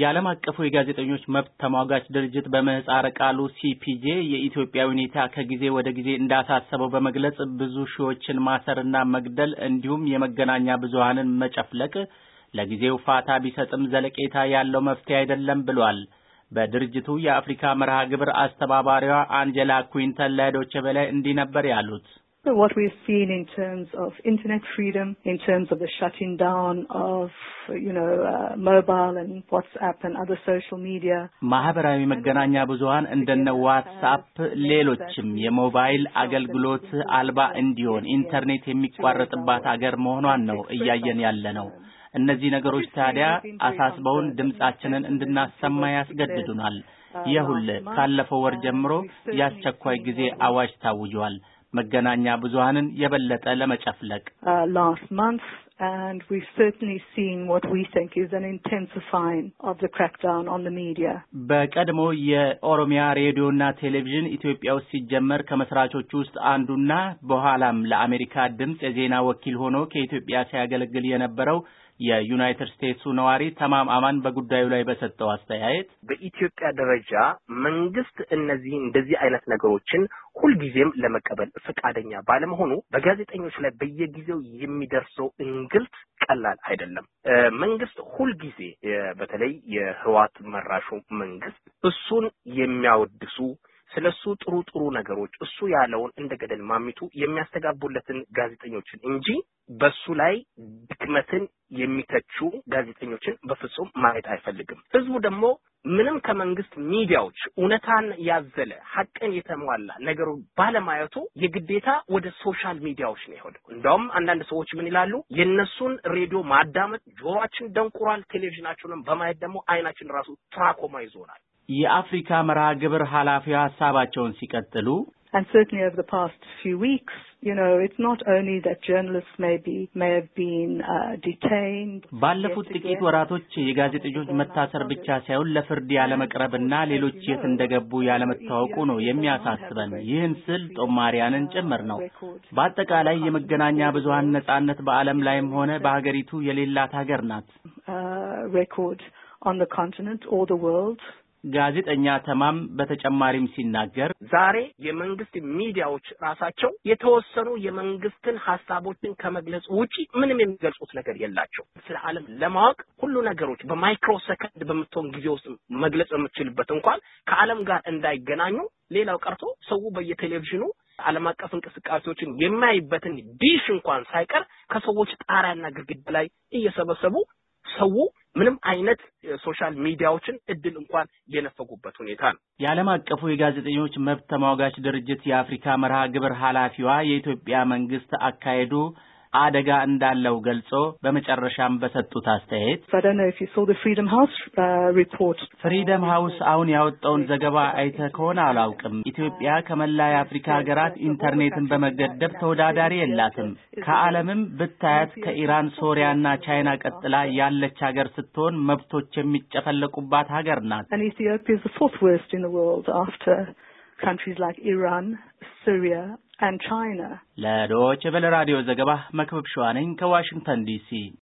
የዓለም አቀፉ የጋዜጠኞች መብት ተሟጋች ድርጅት በምህፃረ ቃሉ ሲፒጄ የኢትዮጵያ ሁኔታ ከጊዜ ወደ ጊዜ እንዳሳሰበው በመግለጽ ብዙ ሺዎችን ማሰርና መግደል እንዲሁም የመገናኛ ብዙሃንን መጨፍለቅ ለጊዜው ፋታ ቢሰጥም ዘለቄታ ያለው መፍትሄ አይደለም ብሏል። በድርጅቱ የአፍሪካ መርሃ ግብር አስተባባሪዋ አንጀላ ኩዊንተን ለዶቼ ቬለ እንዲህ ነበር ያሉት። what we've seen in terms of internet freedom, in terms of the shutting down of, you know, uh, mobile and WhatsApp and other social media. ማህበራዊ መገናኛ ብዙሃን እንደነ ዋትስአፕ፣ ሌሎችም የሞባይል አገልግሎት አልባ እንዲሆን ኢንተርኔት የሚቋረጥባት አገር መሆኗን ነው እያየን ያለ ነው። እነዚህ ነገሮች ታዲያ አሳስበውን ድምጻችንን እንድናሰማ ያስገድዱናል። ይህ ሁሉ ካለፈው ወር ጀምሮ የአስቸኳይ ጊዜ አዋጅ ታውጇል። መገናኛ ብዙሃንን የበለጠ ለመጨፍለቅ uh, and we've certainly seen what we think is an intensifying of the crackdown on the media በቀድሞ የኦሮሚያ ሬዲዮና ቴሌቪዥን ኢትዮጵያ ውስጥ ሲጀመር ከመስራቾቹ ውስጥ አንዱና በኋላም ለአሜሪካ ድምፅ የዜና ወኪል ሆኖ ከኢትዮጵያ ሲያገለግል የነበረው የዩናይትድ ስቴትሱ ነዋሪ ተማም አማን በጉዳዩ ላይ በሰጠው አስተያየት በኢትዮጵያ ደረጃ መንግስት እነዚህ እንደዚህ አይነት ነገሮችን ሁልጊዜም ለመቀበል ፈቃደኛ ባለመሆኑ በጋዜጠኞች ላይ በየጊዜው የሚደርሰው ግልጽ ቀላል አይደለም። መንግስት ሁልጊዜ በተለይ የህዋት መራሹ መንግስት እሱን የሚያወድሱ ስለ እሱ ጥሩ ጥሩ ነገሮች እሱ ያለውን እንደ ገደል ማሚቱ የሚያስተጋቡለትን ጋዜጠኞችን እንጂ በሱ ላይ ድክመትን የሚተቹ ጋዜጠኞችን በፍጹም ማየት አይፈልግም። ህዝቡ ደግሞ ምንም ከመንግስት ሚዲያዎች እውነታን ያዘለ ሀቅን የተሟላ ነገሩ ባለማየቱ የግዴታ ወደ ሶሻል ሚዲያዎች ነው የሆነው። እንደውም አንዳንድ ሰዎች ምን ይላሉ? የእነሱን ሬዲዮ ማዳመጥ ጆሮአችን ደንቁሯል፣ ቴሌቪዥናቸውንም በማየት ደግሞ አይናችን ራሱ ትራኮማ ይዞናል። የአፍሪካ መርሃ ግብር ኃላፊው ሀሳባቸውን ሲቀጥሉ And certainly over the past few weeks, you know, it's not only that journalists may be, may have been, uh, detained. ባለፉት ጥቂት ወራቶች የጋዜጠኞች መታሰር ብቻ ሳይሆን ለፍርድ ያለመቅረብና ሌሎች የት እንደገቡ ያለመታወቁ ነው የሚያሳስበን። ይህን ስል ጦማሪያንን ጭምር ነው። በአጠቃላይ የመገናኛ ብዙሃን ነጻነት በዓለም ላይም ሆነ በሀገሪቱ የሌላት ሀገር ናት። ሬኮርድ ኦን ዘ ኮንቲነንት ኦር ዘ ወርልድ ጋዜጠኛ ተማም በተጨማሪም ሲናገር ዛሬ የመንግስት ሚዲያዎች ራሳቸው የተወሰኑ የመንግስትን ሀሳቦችን ከመግለጽ ውጪ ምንም የሚገልጹት ነገር የላቸው። ስለ ዓለም ለማወቅ ሁሉ ነገሮች በማይክሮ ሰከንድ በምትሆን ጊዜ ውስጥ መግለጽ በምትችልበት እንኳን ከዓለም ጋር እንዳይገናኙ ሌላው ቀርቶ ሰው በየቴሌቪዥኑ ዓለም አቀፍ እንቅስቃሴዎችን የማይበትን ዲሽ እንኳን ሳይቀር ከሰዎች ጣሪያና ግድግዳ ላይ እየሰበሰቡ ሰው ምንም አይነት ሶሻል ሚዲያዎችን እድል እንኳን የነፈጉበት ሁኔታ ነው። የዓለም አቀፉ የጋዜጠኞች መብት ተሟጋች ድርጅት የአፍሪካ መርሃ ግብር ኃላፊዋ የኢትዮጵያ መንግስት አካሄዱ አደጋ እንዳለው ገልጾ በመጨረሻም በሰጡት አስተያየት uh, ፍሪደም ሀውስ አሁን ያወጣውን ዘገባ አይተ ከሆነ አላውቅም። ኢትዮጵያ ከመላ የአፍሪካ ሀገራት ኢንተርኔትን በመገደብ ተወዳዳሪ የላትም። ከዓለምም ብታያት ከኢራን፣ ሶሪያና ቻይና ቀጥላ ያለች ሀገር ስትሆን መብቶች የሚጨፈለቁባት ሀገር ናት። countries like Iran, Syria and China. ለዶች ቬለ ራዲዮ ዘገባ መክበብ ሸዋነኝ ከዋሽንግተን ዲሲ